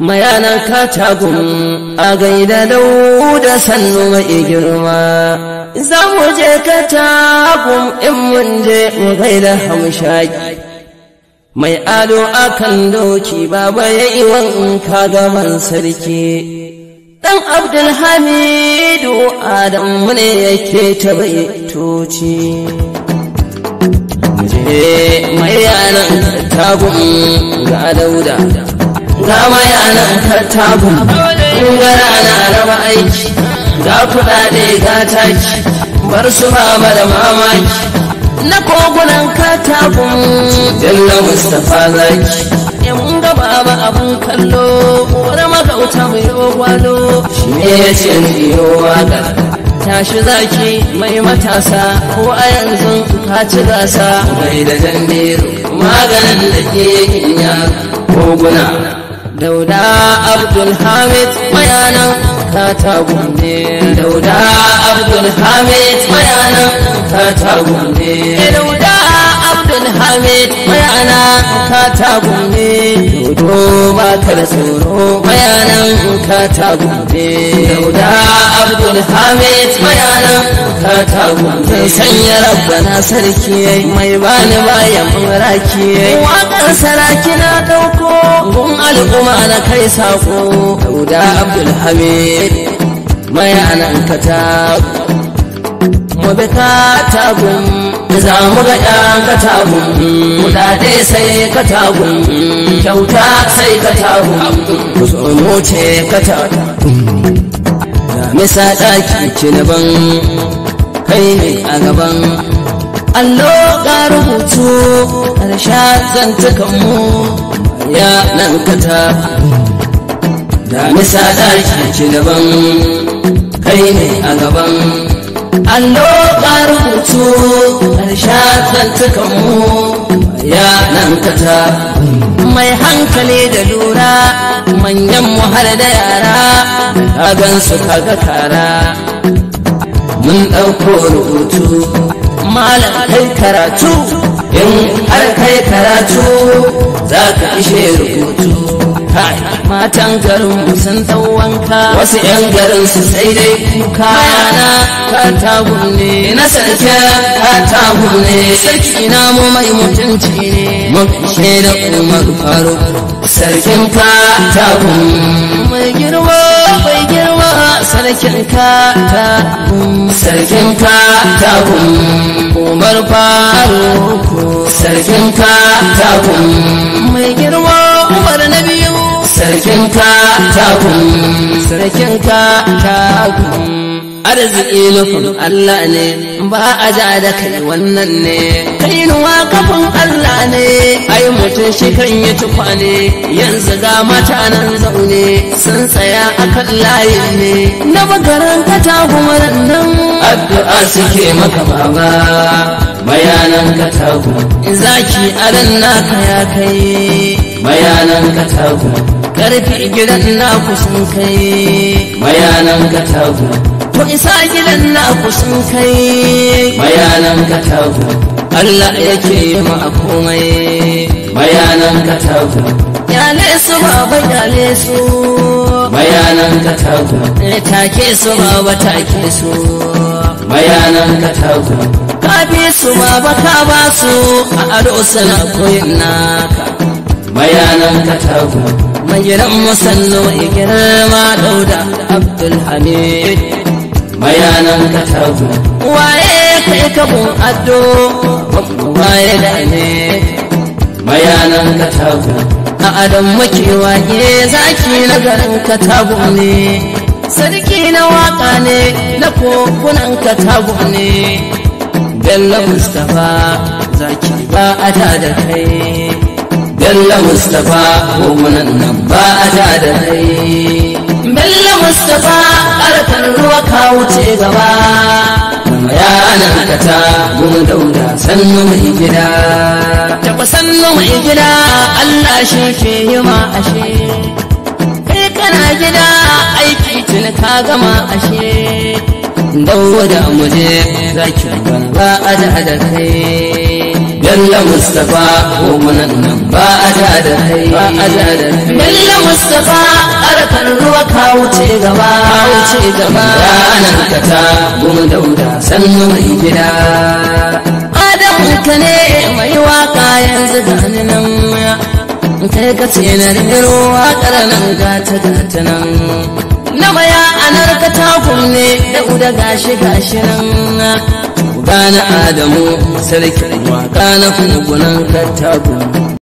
Mayana katakun, a gaida da sannu mai girma. Za mu je katagun in mun je mu gaida hamshaki. Mai ado akan doki baba ya yi wanka gaban sarki. Ɗan Abdulhamidu Adamu ne yake ta baitoci. Mai yanan tagun ga dauda. ga maya nan tattabu gara na raba aiki ga kuɗaɗe ga taki bar su mama da mamaki na kogunan katakun jalla mustapha zaki mun ga baba abun kallo wani magauta mai gwalo shi ne ya ce yo waka tashi zaki mai matasa ko a yanzu ka ci gasa mai da jan maganin da ke yin yaro koguna dauda abdulhamid bayanan ta ne dauda abdulhamid bayanan ta ne dauda abdulhamid bayanan ta ne dodo ba da tsoro mayana ta tagunte dauda abdul hamid bayana ta tagunte sanya rabbana sarki yai mai bani bayan maraki yai waƙar saraki na dauko gun al'umma na kai sako dauda abdul hamid mai anan ka ta mu bi ka tagunte za mu ga ɗan katagun kuɗaɗe sai katagun kyauta sai katagun ku so mu ce katagun misa ɗaki ce na ban kai ne a gaban allo ka rubutu ƙarsha mu ya nan kata da misa ɗaki ce na ban kai ne a gaban allo rubutu harshen mu ya nan mai hankali da lura manyan mu har da yara ka gansu kaga kara mun ɗauko rubutu malam kai karatu in har kai karatu za ka ishe rubutu kai matan garin sun wanka wasu yan garin su sai dai kuka na sarki kata gulle sarki na mu mai mutunci ne umar sarkin ka ta mai girma sarkin sarkin sarkin mai girma sarkin ka takun sarkin ka takun arziki nufin Allah ne ba a ja da kai wannan ne kai nuwa kafin Allah ne ai mutum shi kan yi tufa ne yanzu ga mata nan zaune sun tsaya akan layin ne na bagaran ta kuma nan addu'a suke maka baba bayanan katako zaki aran naka ya kai bayanan katako karfi gidan naku sun kai bayanan katako ku isa gidan naku sun kai bayanan katako Allah yake ma a komai bayanan katako yale su baba yale su bayanan katako eh, take su baba take su bayanan katako fi su baba ka ba su a ado sana koyin naka bayanan ka tagu mai gidan musallo girma dauda hamid bayanan ka tagu waye kai bu ado waye da ne bayanan ka tagu a muke waye zaki na garin ka tagu ne sarki na waka ne na kokunan ka tagu ne Bello Mustapha zaki ba a ta da kai Bello Mustapha gogonan nan ba a ta da kai Bello Mustapha ƙarfin ruwa ka wuce gaba Kuma ya ana kata goma dauda sannu mai gida Taba sannu mai gida Allah shi ke yi ma ashe Kai kana gida aiki tun ka gama ashe dauda muje zaki ba a da da kai Bello Mustapha gomunan nan ba a da da kai ba a da da kai Bello Mustapha harkar ruwa ka wuce gaba ka wuce gaba ranar ka ta gumu dauda sannu mai gida Adamu ka ne mai waka yanzu gani nan kai ka ce na rigar waƙar nan gata gata nan na mai da gashi gashi nan ku adamu sarki waka na kunkunan kattabu